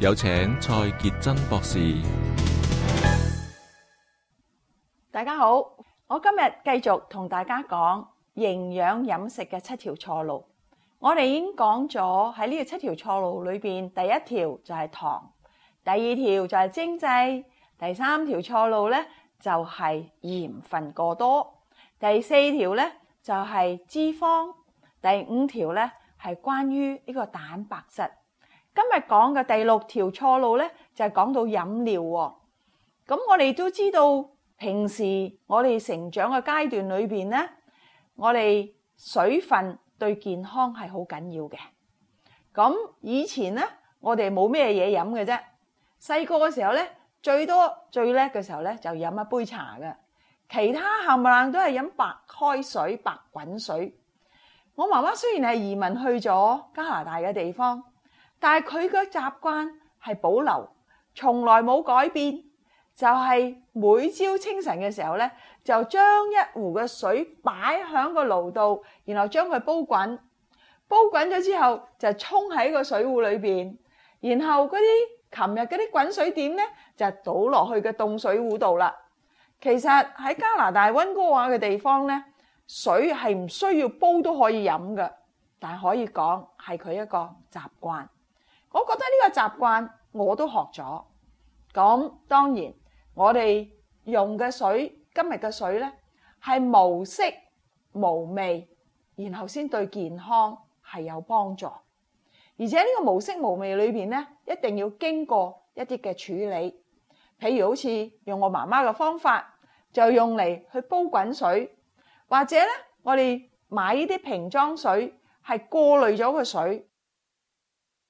有請蔡潔貞博士。大家好，我今日繼續同大家講營養飲食嘅七條錯路。我哋已經講咗喺呢個七條錯路裏邊，第一條就係糖，第二條就係精製，第三條錯路呢就係鹽分過多，第四條呢就係脂肪，第五條呢係關於呢個蛋白質。今日講嘅第六條錯路呢，就係講到飲料喎。咁我哋都知道，平時我哋成長嘅階段裏邊呢，我哋水分對健康係好緊要嘅。咁以前呢，我哋冇咩嘢飲嘅啫。細個嘅時候呢，最多最叻嘅時候呢，就飲一杯茶㗎，其他冚唪唥都係飲白開水、白滾水。我媽媽雖然係移民去咗加拿大嘅地方。但係佢嘅習慣係保留，從來冇改變，就係每朝清晨嘅時候呢，就將一壺嘅水擺喺個爐度，然後將佢煲滾，煲滾咗之後就沖喺個水壺裏邊，然後嗰啲琴日嗰啲滾水點呢就倒落去個凍水壺度啦。其實喺加拿大溫哥華嘅地方呢，水係唔需要煲都可以飲嘅，但係可以講係佢一個習慣。我覺得呢個習慣我都學咗，咁當然我哋用嘅水，今日嘅水呢係無色無味，然後先對健康係有幫助。而且呢個無色無味裏邊呢，一定要經過一啲嘅處理，譬如好似用我媽媽嘅方法，就用嚟去煲滾水，或者呢我哋買呢啲瓶裝水，係過濾咗個水。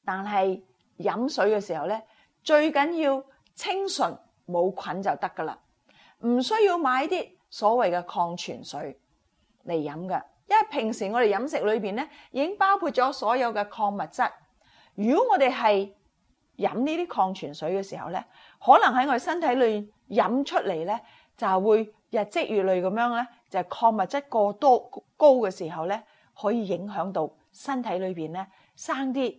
但係飲水嘅時候咧，最緊要清純冇菌就得噶啦，唔需要買啲所謂嘅礦泉水嚟飲㗎。因為平時我哋飲食裏邊咧已經包括咗所有嘅礦物質。如果我哋係飲呢啲礦泉水嘅時候咧，可能喺我哋身體裏飲出嚟咧，就會日積月累咁樣咧，就係礦物質過多高嘅時候咧，可以影響到身體裏邊咧生啲。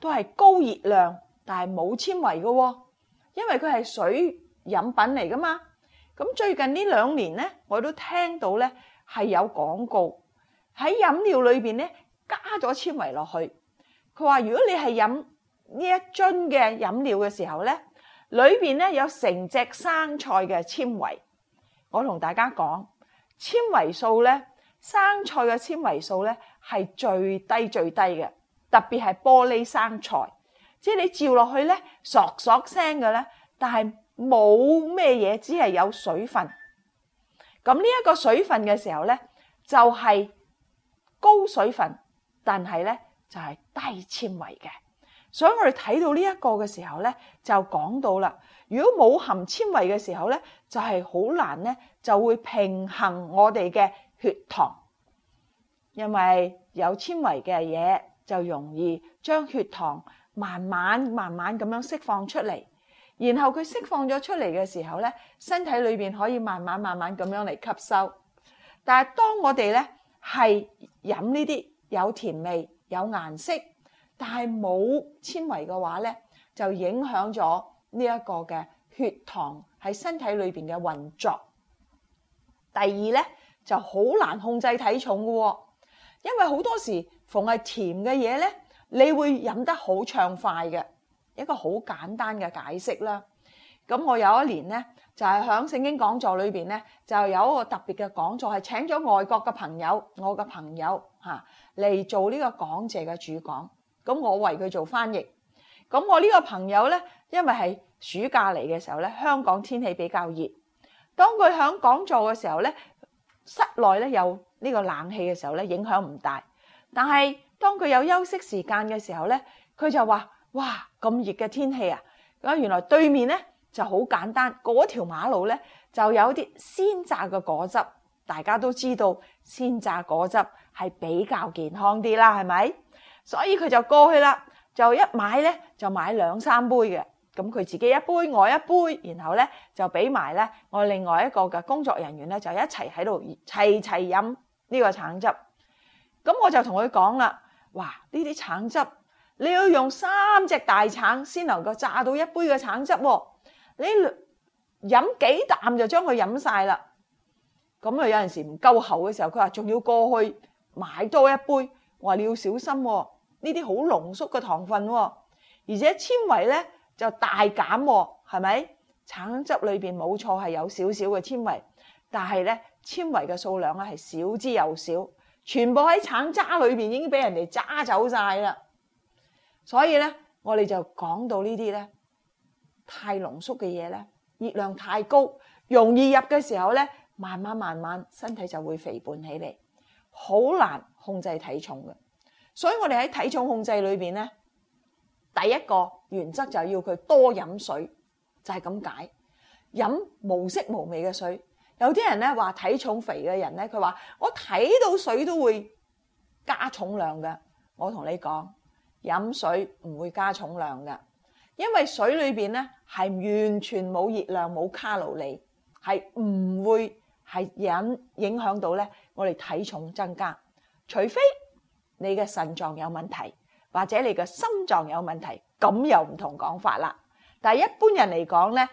都係高熱量，但係冇纖維嘅，因為佢係水飲品嚟噶嘛。咁最近呢兩年呢，我都聽到呢係有廣告喺飲料裏邊呢加咗纖維落去。佢話如果你係飲呢一樽嘅飲料嘅時候呢，裏邊呢有成隻生菜嘅纖維。我同大家講，纖維素呢，生菜嘅纖維素呢係最低最低嘅。特別係玻璃生菜，即係你照落去咧，索索聲嘅咧，但係冇咩嘢，只係有水分。咁呢一個水分嘅時候咧，就係高水分，但係咧就係低纖維嘅。所以我哋睇到呢一個嘅時候咧，就講到啦。如果冇含纖維嘅時候咧，就係好難咧，就會平衡我哋嘅血糖，因為有纖維嘅嘢。就容易將血糖慢慢慢慢咁樣釋放出嚟，然後佢釋放咗出嚟嘅時候咧，身體裏邊可以慢慢慢慢咁樣嚟吸收。但係當我哋咧係飲呢啲有甜味、有顏色，但係冇纖維嘅話咧，就影響咗呢一個嘅血糖喺身體裏邊嘅運作。第二咧就好難控制體重噶，因為好多時。逢係甜嘅嘢咧，你會飲得好暢快嘅一個好簡單嘅解釋啦。咁我有一年咧，就係響聖經講座裏邊咧，就有一個特別嘅講座，係請咗外國嘅朋友，我嘅朋友嚇嚟做呢個講者嘅主講。咁我為佢做翻譯。咁我呢個朋友咧，因為係暑假嚟嘅時候咧，香港天氣比較熱，當佢響講座嘅時候咧，室內咧有呢個冷氣嘅時候咧，影響唔大。但係，當佢有休息時間嘅時候咧，佢就話：「哇，咁熱嘅天氣啊！咁啊，原來對面咧就好簡單，嗰條馬路咧就有啲鮮榨嘅果汁。大家都知道，鮮榨果汁係比較健康啲啦，係咪？所以佢就過去啦，就一買咧就買兩三杯嘅。咁佢自己一杯，我一杯，然後咧就俾埋咧我另外一個嘅工作人員咧就一齊喺度齊齊飲呢個橙汁。咁我就同佢講啦，哇！呢啲橙汁你要用三隻大橙先能夠榨到一杯嘅橙汁喎，你飲幾啖就將佢飲晒啦。咁啊，有陣時唔夠喉嘅時候，佢話仲要過去買多一杯。我話你要小心喎，呢啲好濃縮嘅糖分喎，而且纖維呢就大減喎，係咪？橙汁裏邊冇錯係有少少嘅纖維，但係呢纖維嘅數量啊係少之又少。全部喺橙渣裏邊已經俾人哋揸走曬啦，所以咧我哋就講到呢啲咧太濃縮嘅嘢咧，熱量太高，容易入嘅時候咧，慢慢慢慢身體就會肥胖起嚟，好難控制體重嘅。所以我哋喺體重控制裏邊咧，第一個原則就要佢多飲水，就係咁解，飲無色無味嘅水。有啲人咧話體重肥嘅人咧，佢話我睇到水都會加重量嘅。我同你講，飲水唔會加重量嘅，因為水裏邊咧係完全冇熱量、冇卡路里，係唔會係引影響到咧我哋體重增加。除非你嘅腎臟有問題，或者你嘅心臟有問題，咁又唔同講法啦。但係一般人嚟講咧，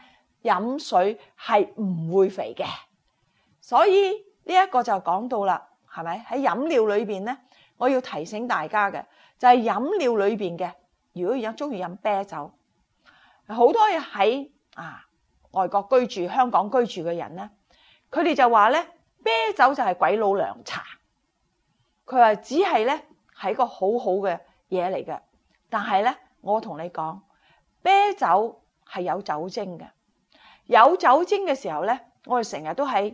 飲水係唔會肥嘅。所以呢一個就講到啦，係咪喺飲料裏邊咧？我要提醒大家嘅就係飲料裏邊嘅。如果有中意飲啤酒，好多嘢喺啊外國居住、香港居住嘅人咧，佢哋就話咧啤酒就係鬼佬涼茶。佢話只係咧係一個好好嘅嘢嚟嘅，但係咧我同你講，啤酒係有酒精嘅，有酒精嘅時候咧，我哋成日都喺。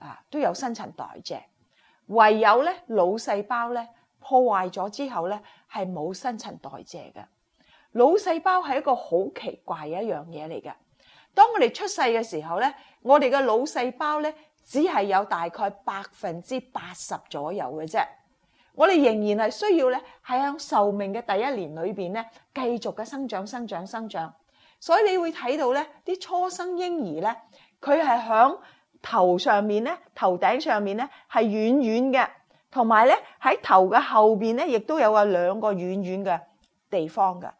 啊，都有新陳代謝，唯有咧腦細胞咧破壞咗之後咧係冇新陳代謝嘅。腦細胞係一個好奇怪嘅一樣嘢嚟嘅。當我哋出世嘅時候咧，我哋嘅腦細胞咧只係有大概百分之八十左右嘅啫。我哋仍然係需要咧喺響壽命嘅第一年裏邊咧繼續嘅生長、生長、生長。所以你會睇到咧啲初生嬰兒咧佢係響。頭上面咧，頭頂上面咧係軟軟嘅，同埋咧喺頭嘅後面咧，亦都有兩個軟軟嘅地方嘅。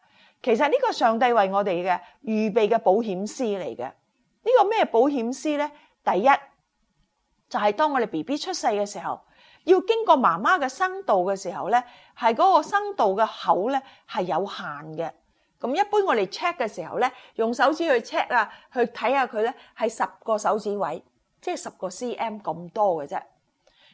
其實呢個上帝為我哋嘅預備嘅保險師嚟嘅。這個、呢個咩保險師咧？第一就係、是、當我哋 B B 出世嘅時候，要經過媽媽嘅生道嘅時候咧，係嗰個生道嘅口咧係有限嘅。咁一般我哋 check 嘅時候咧，用手指去 check 啊，去睇下佢咧係十個手指位。即係十個 cm 咁多嘅啫，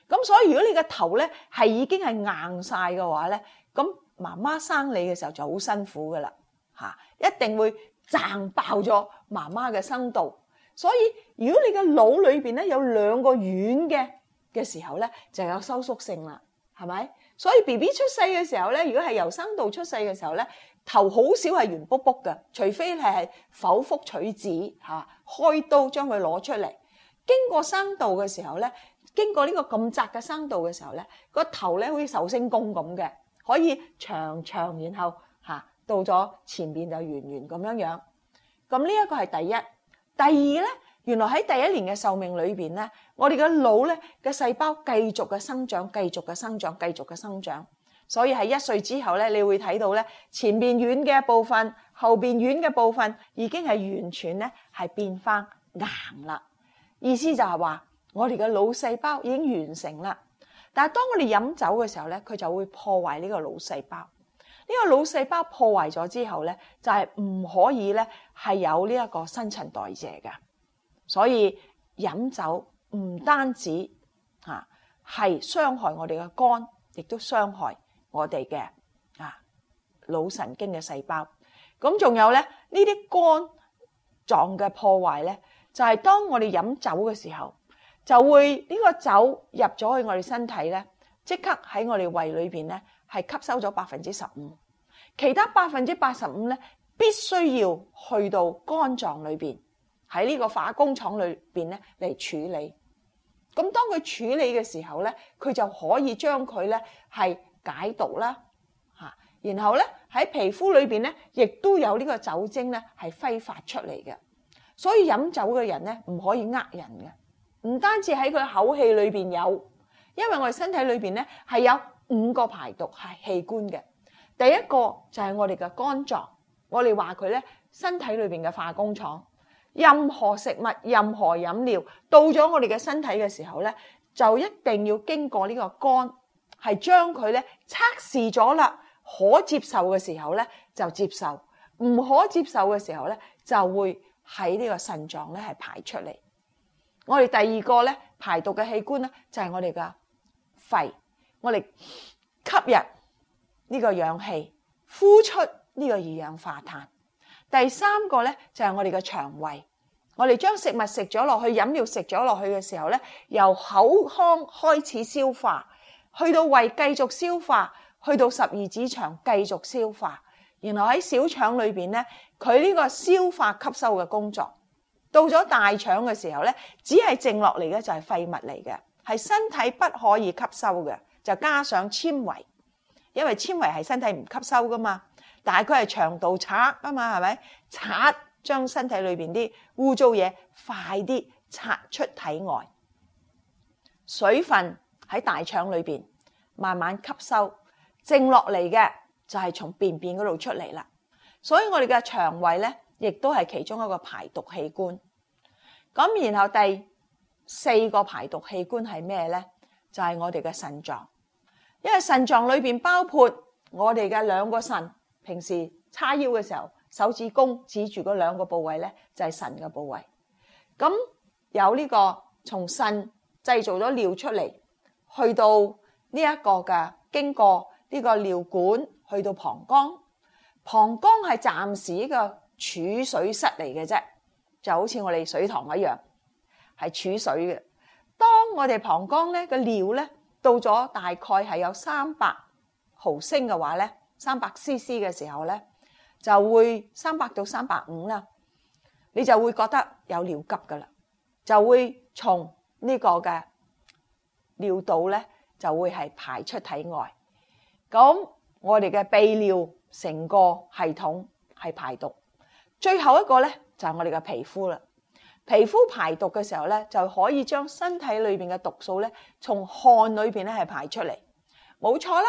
咁所以如果你個頭咧係已經係硬曬嘅話咧，咁媽媽生你嘅時候就好辛苦噶啦嚇，一定會掙爆咗媽媽嘅生道。所以如果你嘅腦裏邊咧有兩個軟嘅嘅時候咧，就有收縮性啦，係咪？所以 BB 出世嘅時候咧，如果係由生道出世嘅時候咧，頭好少係圓卜卜嘅，除非係剖腹取子嚇，開刀將佢攞出嚟。經過生道嘅時候咧，經過呢個咁窄嘅生道嘅時候咧，個頭咧好似壽星公咁嘅，可以長長，然後吓到咗前邊就圓圓咁樣樣。咁呢一個係第一，第二咧，原來喺第一年嘅壽命裏邊咧，我哋嘅腦咧嘅細胞繼續嘅生長，繼續嘅生長，繼續嘅生長。所以喺一歲之後咧，你會睇到咧前邊軟嘅部分，後邊軟嘅部分已經係完全咧係變翻硬啦。意思就係話，我哋嘅腦細胞已經完成啦。但係當我哋飲酒嘅時候咧，佢就會破壞呢個腦細胞。呢個腦細胞破壞咗之後咧，就係唔可以咧係有呢一個新陳代謝嘅。所以飲酒唔單止啊係傷害我哋嘅肝，亦都傷害我哋嘅啊腦神經嘅細胞那還。咁仲有咧呢啲肝臟嘅破壞咧。就係當我哋飲酒嘅時候，就會呢個酒入咗去我哋身體咧，即刻喺我哋胃裏邊咧，係吸收咗百分之十五，其他百分之八十五咧，必須要去到肝臟裏邊，喺呢個化工廠裏邊咧嚟處理。咁當佢處理嘅時候咧，佢就可以將佢咧係解毒啦，嚇。然後咧喺皮膚裏邊咧，亦都有呢個酒精咧係揮發出嚟嘅。所以飲酒嘅人咧，唔可以呃人嘅，唔單止喺佢口氣裏邊有，因為我哋身體裏邊咧係有五個排毒係器官嘅。第一個就係我哋嘅肝臟，我哋話佢咧身體裏邊嘅化工廠。任何食物、任何飲料到咗我哋嘅身體嘅時候咧，就一定要經過呢個肝，係將佢咧測試咗啦，可接受嘅時候咧就接受，唔可接受嘅時候咧就會。喺呢個腎臟咧，係排出嚟。我哋第二個咧，排毒嘅器官咧，就係、是、我哋嘅肺。我哋吸入呢個氧氣，呼出呢個二氧化碳。第三個咧，就係、是、我哋嘅腸胃。我哋將食物食咗落去，飲料食咗落去嘅時候咧，由口腔開始消化，去到胃繼續消化，去到十二指腸繼續消化。然後喺小腸裏邊咧，佢呢個消化吸收嘅工作，到咗大腸嘅時候咧，只係剩落嚟嘅就係廢物嚟嘅，係身體不可以吸收嘅，就加上纖維，因為纖維係身體唔吸收㗎嘛。但係佢係腸道刷啊嘛，係咪刷將身體裏邊啲污糟嘢快啲刷出體外？水分喺大腸裏邊慢慢吸收，剩落嚟嘅。就係、是、從便便嗰度出嚟啦，所以我哋嘅腸胃咧，亦都係其中一個排毒器官。咁然後第四個排毒器官係咩咧？就係我哋嘅腎臟，因為腎臟裏面包括我哋嘅兩個腎。平時叉腰嘅時候，手指公指住嗰兩個部位咧，就係腎嘅部位。咁有呢個從腎製造咗尿出嚟，去到呢一個嘅經過呢個尿管。去到膀胱，膀胱係暫時個儲水室嚟嘅啫，就好似我哋水塘一樣，係儲水嘅。當我哋膀胱咧個尿咧到咗大概係有三百毫升嘅話咧，三百 cc 嘅時候咧，就會三百到三百五啦，你就會覺得有尿急噶啦，就會從呢個嘅尿道咧就會係排出體外咁。我哋嘅泌尿成個系統係排毒，最後一個咧就係、是、我哋嘅皮膚啦。皮膚排毒嘅時候咧，就可以將身體裏邊嘅毒素咧，從汗裏邊咧係排出嚟。冇錯啦，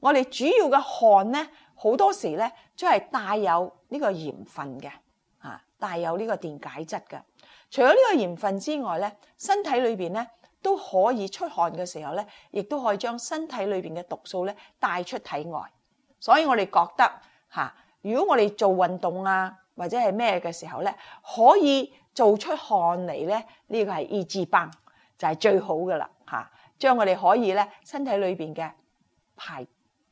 我哋主要嘅汗咧，好多時咧，都、就、係、是、帶有呢個鹽分嘅，啊，帶有呢個電解質嘅。除咗呢個鹽分之外咧，身體裏邊咧。都可以出汗嘅時候咧，亦都可以將身體裏面嘅毒素咧帶出體外，所以我哋覺得嚇，如果我哋做運動啊或者係咩嘅時候咧，可以做出汗嚟咧，呢個係易治崩，就係最好噶啦嚇，將我哋可以咧身體裏面嘅排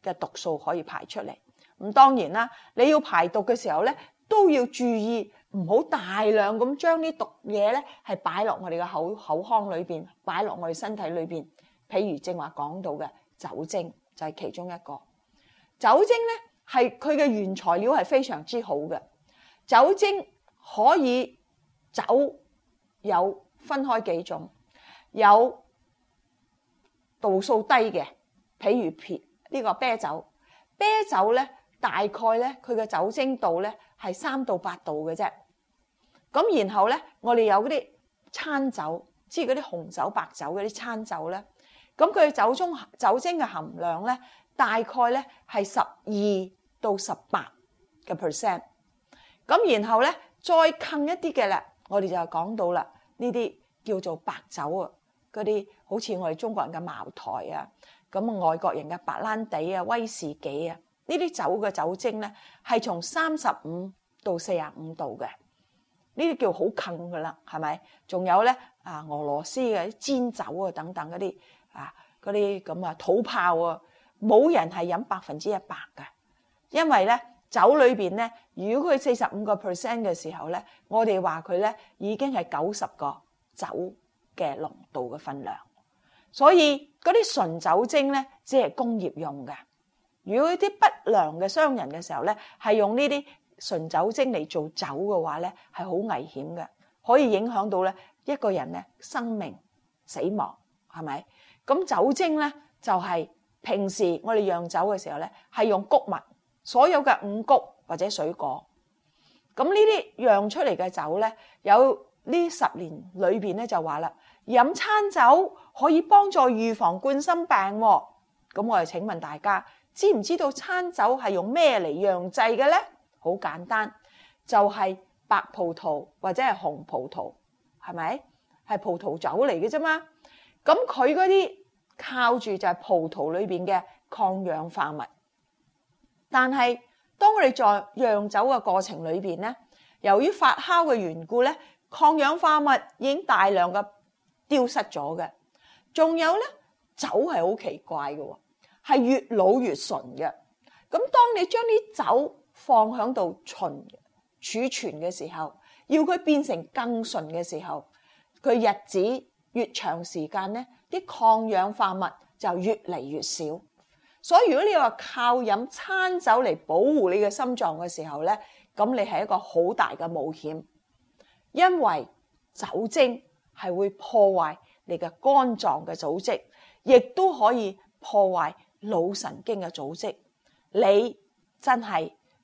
嘅毒素可以排出嚟。咁當然啦，你要排毒嘅時候咧，都要注意。唔好大量咁將啲毒嘢咧，係擺落我哋嘅口口腔裏面，擺落我哋身體裏面。譬如正話講到嘅酒精，就係其中一個。酒精咧係佢嘅原材料係非常之好嘅。酒精可以，酒有分開幾種，有度數低嘅，譬如撇呢個啤酒。啤酒咧大概咧佢嘅酒精度咧係三到八度嘅啫。咁然後咧，我哋有嗰啲餐酒，即係嗰啲紅酒、白酒嗰啲餐酒咧。咁佢酒中酒精嘅含量咧，大概咧係十二到十八嘅 percent。咁然後咧，再近一啲嘅啦，我哋就講到啦，呢啲叫做白酒啊，嗰啲好似我哋中國人嘅茅台啊，咁外國人嘅白蘭地啊、威士忌啊，呢啲酒嘅酒精咧係從三十五到四十五度嘅。呢啲叫好近噶啦，係咪？仲有咧啊，俄羅斯嘅啲煎酒啊，等等嗰啲啊，嗰啲咁啊土炮啊，冇人係飲百分之一百嘅，因為咧酒裏邊咧，如果佢四十五個 percent 嘅時候咧，我哋話佢咧已經係九十個酒嘅濃度嘅分量，所以嗰啲純酒精咧只係工業用嘅，如果啲不良嘅商人嘅時候咧係用呢啲。純酒精嚟做酒嘅話呢，係好危險嘅，可以影響到呢一個人呢生命死亡，係咪？咁酒精呢，就係、是、平時我哋釀酒嘅時候呢，係用穀物所有嘅五穀或者水果。咁呢啲釀出嚟嘅酒呢，有呢十年裏面呢，就話啦，飲餐酒可以幫助預防冠心病喎。咁我哋請問大家知唔知道餐酒係用咩嚟釀製嘅呢？好簡單，就係白葡萄或者係紅葡萄，係咪？係葡萄酒嚟嘅啫嘛。咁佢嗰啲靠住就係葡萄裏邊嘅抗氧化物。但係當我哋在釀酒嘅過程裏邊咧，由於發酵嘅緣故咧，抗氧化物已經大量嘅丟失咗嘅。仲有咧，酒係好奇怪嘅，係越老越純嘅。咁當你將啲酒。放喺度存儲存嘅時候，要佢變成更純嘅時候，佢日子越長時間呢，啲抗氧化物就越嚟越少。所以如果你話靠飲餐酒嚟保護你嘅心臟嘅時候呢，咁你係一個好大嘅冒險，因為酒精係會破壞你嘅肝臟嘅組織，亦都可以破壞腦神經嘅組織。你真係。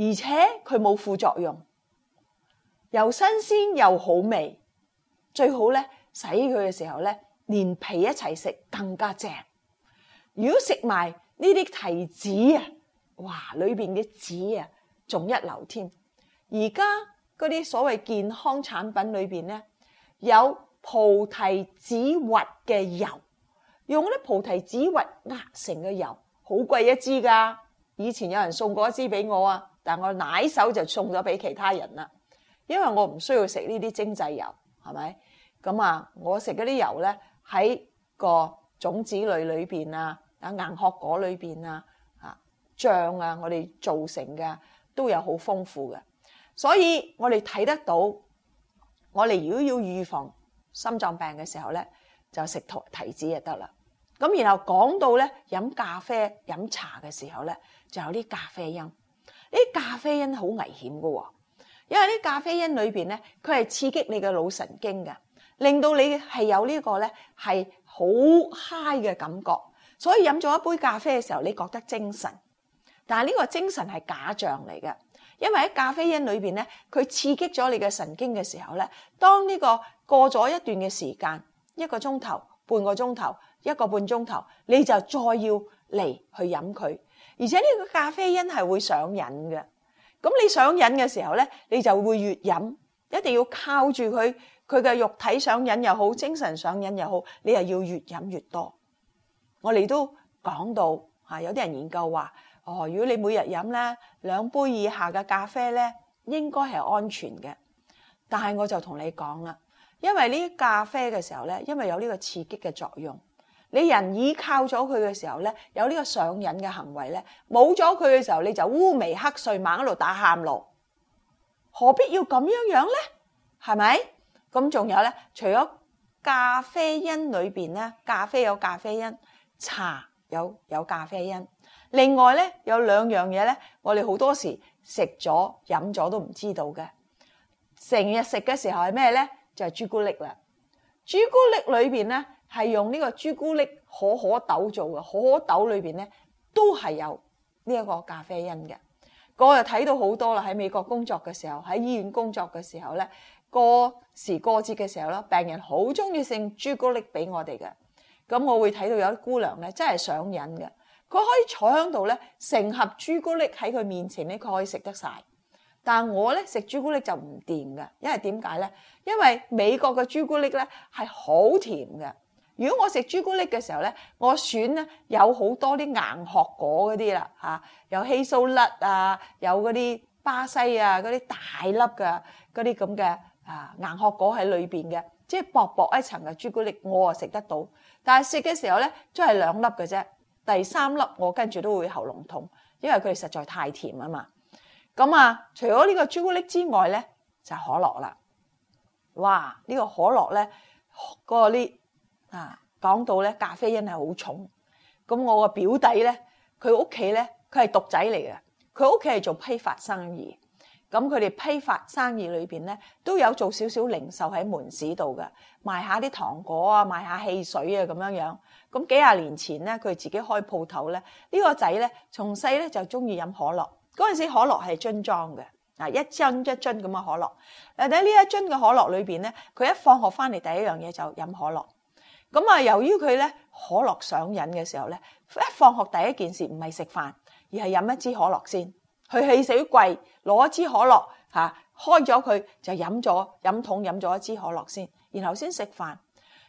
而且佢冇副作用，又新鮮又好味。最好咧，洗佢嘅時候咧，連皮一齊食更加正。如果食埋呢啲提子啊，哇！裏邊嘅籽啊，仲一流添。而家嗰啲所謂健康產品裏邊咧，有菩提子核嘅油，用嗰啲菩提子核壓成嘅油，好貴一支㗎。以前有人送過一支俾我啊。但我奶手就送咗俾其他人啦，因為我唔需要食呢啲精製油，係咪？咁啊，我食嗰啲油咧，喺個種子類裏邊啊，啊，啊硬殼果裏邊啊，啊醬啊，我哋造成嘅都有好豐富嘅，所以我哋睇得到。我哋如果要預防心臟病嘅時候咧，就食提子就得啦。咁然後講到咧飲咖啡、飲茶嘅時候咧，就有啲咖啡因。啲咖啡因好危險㗎喎！因為啲咖啡因裏面咧，佢係刺激你嘅腦神經嘅，令到你係有呢個咧係好嗨嘅感覺。所以飲咗一杯咖啡嘅時候，你覺得精神，但係呢個精神係假象嚟嘅，因為喺咖啡因裏面咧，佢刺激咗你嘅神經嘅時候咧，當呢個過咗一段嘅時間，一個鐘頭、半個鐘頭、一個半鐘頭，你就再要嚟去飲佢。而且呢個咖啡因係會上癮嘅，咁你上癮嘅時候呢，你就會越飲，一定要靠住佢，佢嘅肉體上癮又好，精神上癮又好，你係要越飲越多。我哋都講到吓，有啲人研究話，哦，如果你每日飲呢兩杯以下嘅咖啡呢，應該係安全嘅。但係我就同你講啦，因為呢啲咖啡嘅時候呢，因為有呢個刺激嘅作用。你人依靠咗佢嘅時候咧，有呢個上癮嘅行為咧，冇咗佢嘅時候，你就烏眉黑睡，猛喺度打喊囉，何必要咁樣樣咧？係咪？咁仲有咧？除咗咖啡因裏邊咧，咖啡有咖啡因，茶有有咖啡因。另外咧，有兩樣嘢咧，我哋好多時食咗飲咗都唔知道嘅，成日食嘅時候係咩咧？就係朱古力啦，朱古力裏邊咧。係用呢個朱古力可可豆做嘅，可可豆裏邊咧都係有呢一個咖啡因嘅。我又睇到好多啦，喺美國工作嘅時候，喺醫院工作嘅時候咧，過時過節嘅時候咧，病人好中意送朱古力俾我哋嘅。咁我會睇到有啲姑娘咧，真係上癮嘅，佢可以坐喺度咧，成盒朱古力喺佢面前咧，佢可以食得晒。但我咧，食朱古力就唔掂嘅，因為點解咧？因為美國嘅朱古力咧係好甜嘅。如果我食朱古力嘅時候咧，我選咧有好多啲硬殼果嗰啲啦嚇，有氣酥粒啊，有嗰啲巴西啊嗰啲大粒嘅嗰啲咁嘅啊硬殼果喺裏邊嘅，即係薄薄一層嘅朱古力我啊食得到，但係食嘅時候咧都係兩粒嘅啫，第三粒我跟住都會喉嚨痛，因為佢哋實在太甜啊嘛。咁啊，除咗呢個朱古力之外咧，就係可樂啦。哇！呢個可樂咧嗰啲～啊，講到咧咖啡因係好重，咁我個表弟咧，佢屋企咧，佢係獨仔嚟嘅，佢屋企係做批發生意，咁佢哋批發生意裏邊咧，都有做少少零售喺門市度嘅，賣下啲糖果啊，賣下汽水啊咁樣樣。咁幾廿年前咧，佢自己開鋪頭咧，呢個仔咧，從細咧就中意飲可樂。嗰陣時可樂係樽裝嘅，一樽一樽咁嘅可樂。喺呢一樽嘅可樂裏邊咧，佢一放學翻嚟第一樣嘢就飲可樂。咁啊，由於佢咧可樂上癮嘅時候咧，一放學第一件事唔係食飯，而係飲一支可樂先。去汽水櫃攞一支可樂嚇，開咗佢就飲咗飲桶飲咗一支可樂先，然後先食飯。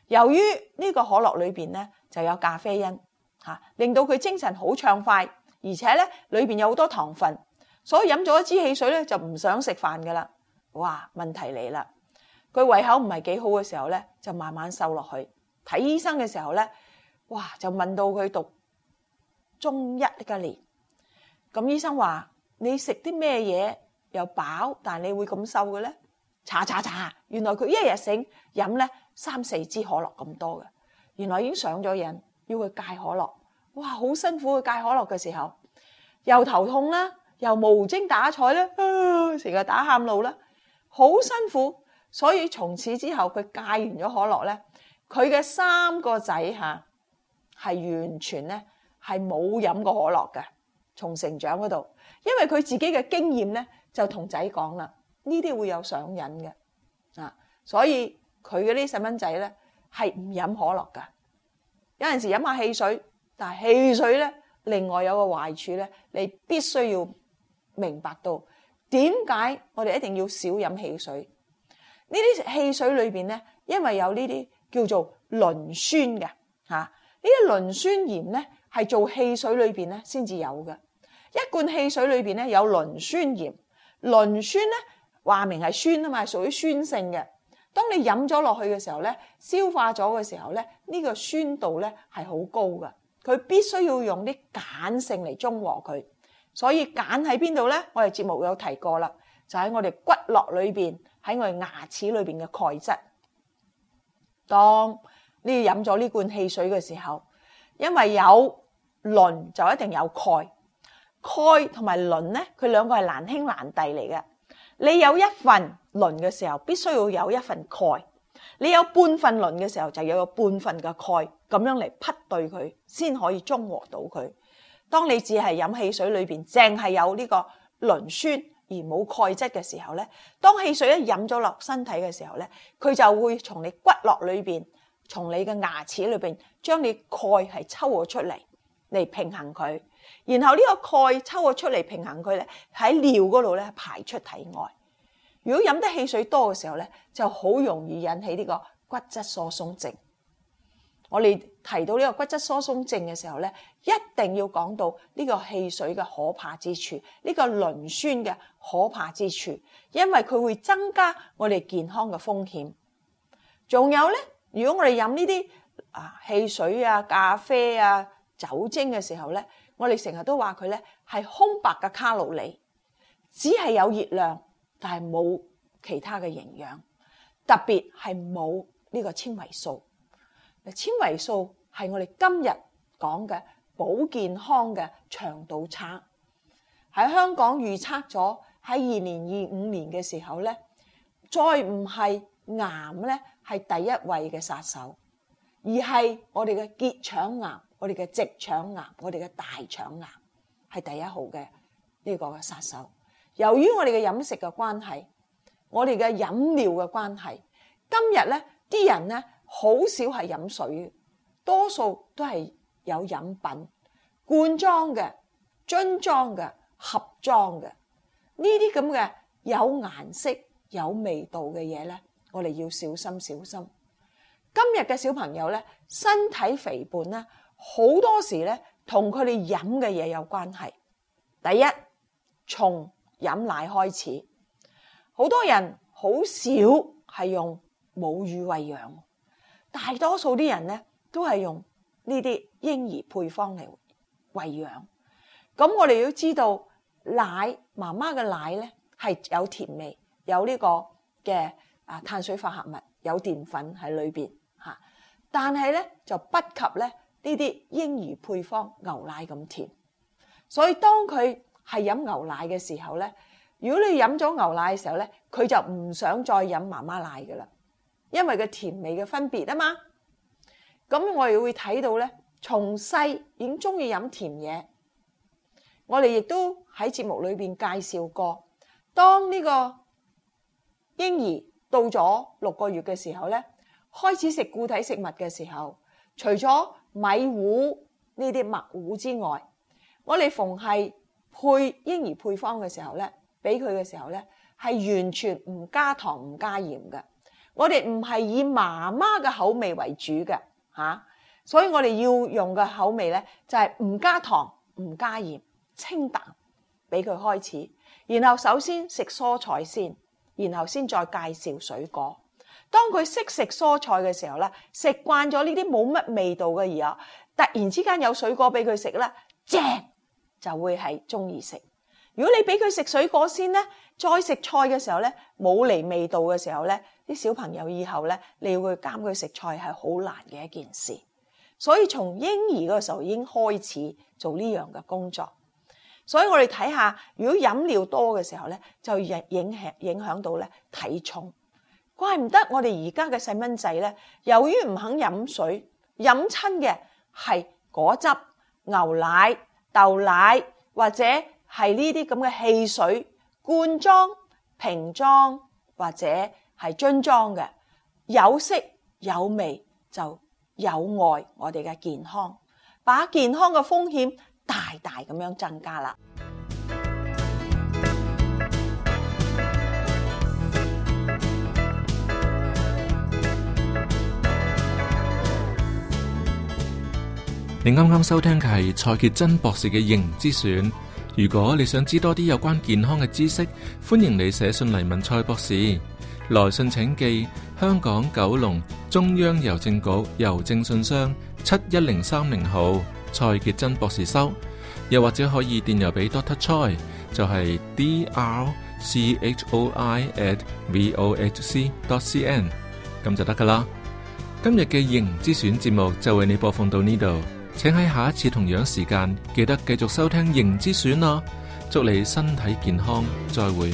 由於呢個可樂裏邊咧就有咖啡因嚇，令到佢精神好暢快，而且咧裏邊有好多糖分，所以飲咗一支汽水咧就唔想食飯噶啦。哇，問題嚟啦！佢胃口唔係幾好嘅時候咧，就慢慢瘦落去。睇醫生嘅時候咧，哇！就問到佢讀中一呢個年，咁醫生話：你食啲咩嘢又飽，但係你會咁瘦嘅咧？查查查，原來佢一日醒飲咧三四支可樂咁多嘅，原來已經上咗癮，要佢戒可樂。哇！好辛苦去戒可樂嘅時候，又頭痛啦，又無精打采啦，成日打喊路啦，好辛苦。所以從此之後，佢戒完咗可樂咧。佢嘅三個仔下係完全咧係冇飲過可樂嘅，從成長嗰度，因為佢自己嘅經驗咧就同仔講啦，呢啲會有上癮嘅啊，所以佢嘅呢細蚊仔咧係唔飲可樂㗎。有陣時飲下汽水，但係汽水咧另外有個壞處咧，你必須要明白到點解我哋一定要少飲汽水。呢啲汽水裏邊咧，因為有呢啲。叫做磷酸嘅，啊、吓呢啲磷酸鹽咧係做汽水裏面咧先至有嘅。一罐汽水裏面咧有磷酸鹽，磷酸咧話明係酸啊嘛，屬於酸性嘅。當你飲咗落去嘅時候咧，消化咗嘅時候咧，呢、呢個酸度咧係好高嘅。佢必須要用啲鹼性嚟中和佢，所以鹼喺邊度咧？我哋節目有提過啦，就喺我哋骨骼裏面，喺我哋牙齒裏面嘅鈣質。當你飲咗呢罐汽水嘅時候，因為有磷就一定有鈣，鈣同埋磷咧，佢兩個係難兄難弟嚟嘅。你有一份磷嘅時候，必須要有一份鈣；你有半份磷嘅時候，就有半份嘅鈣，咁樣嚟匹對佢，先可以中和到佢。當你只係飲汽水裏邊，淨係有呢個磷酸。而冇鈣質嘅時候咧，當汽水飲咗落身體嘅時候咧，佢就會從你骨骼裏面，從你嘅牙齒裏面將你鈣係抽咗出嚟嚟平衡佢。然後呢個鈣抽咗出嚟平衡佢咧，喺尿嗰度咧排出體外。如果飲得汽水多嘅時候咧，就好容易引起呢個骨質疏鬆症。我哋提到呢個骨質疏鬆症嘅時候咧，一定要講到呢個汽水嘅可怕之處，呢個磷酸嘅可怕之處，因為佢會增加我哋健康嘅風險。仲有咧，如果我哋飲呢啲啊汽水啊、咖啡啊、酒精嘅時候咧，我哋成日都話佢咧係空白嘅卡路里，只係有熱量，但係冇其他嘅營養，特別係冇呢個纖維素。纖維素係我哋今日講嘅保健康嘅長度差，喺香港預測咗喺二零二五年嘅時候咧，再唔係癌咧係第一位嘅殺手，而係我哋嘅結腸癌、我哋嘅直腸癌、我哋嘅大腸癌係第一號嘅呢個嘅殺手。由於我哋嘅飲食嘅關係，我哋嘅飲料嘅關係，今日咧啲人咧。好少係飲水，多數都係有飲品罐裝嘅、樽裝嘅、盒裝嘅呢啲咁嘅有顏色、有味道嘅嘢呢，我哋要小心小心。今日嘅小朋友呢，身體肥胖呢，好多時呢同佢哋飲嘅嘢有關係。第一，從飲奶開始，好多人好少係用母乳餵養。大多數啲人呢，都係用呢啲嬰兒配方嚟餵養。咁我哋要知道奶，奶媽媽嘅奶呢，係有甜味，有呢個嘅啊碳水化合物，有澱粉喺裏面。但係呢，就不及咧呢啲嬰兒配方牛奶咁甜。所以當佢係飲牛奶嘅時候呢，如果你飲咗牛奶嘅時候呢，佢就唔想再飲媽媽奶㗎喇。因為個甜味嘅分別啊嘛，咁我哋會睇到咧，從細已經中意飲甜嘢。我哋亦都喺節目裏邊介紹過，當呢個嬰兒到咗六個月嘅時候咧，開始食固體食物嘅時候，除咗米糊呢啲麥糊之外，我哋逢係配嬰兒配方嘅時候咧，俾佢嘅時候咧，係完全唔加糖、唔加鹽嘅。我哋唔係以媽媽嘅口味為主嘅嚇，所以我哋要用嘅口味咧就係、是、唔加糖、唔加鹽、清淡俾佢開始。然後首先食蔬菜先，然後先再介紹水果。當佢識食蔬菜嘅時候咧，食慣咗呢啲冇乜味道嘅嘢，突然之間有水果俾佢食咧，正就會係中意食。如果你俾佢食水果先咧，再食菜嘅時候咧，冇嚟味道嘅時候咧。啲小朋友以後咧，你要去監佢食菜係好難嘅一件事，所以從嬰兒嗰個時候已經開始做呢樣嘅工作。所以我哋睇下，如果飲料多嘅時候咧，就影響影響到咧體重。怪唔得我哋而家嘅細蚊仔咧，由於唔肯飲水，飲親嘅係果汁、牛奶、豆奶或者係呢啲咁嘅汽水罐裝、瓶裝或者。係樽裝嘅，有色有味就有礙我哋嘅健康，把健康嘅風險大大咁樣增加啦。你啱啱收聽嘅係蔡潔真博士嘅《型之選》。如果你想知多啲有關健康嘅知識，歡迎你寫信嚟問蔡博士。來信請寄香港九龍中央郵政局郵政信箱七一零三零號蔡杰真博士收，又或者可以電郵俾 Doctor Choi，就係 D R C H O I at V O H C dot C N，咁就得噶啦。今日嘅型之選節目就為你播放到呢度，請喺下一次同樣時間記得繼續收聽型之選啦。祝你身體健康，再會。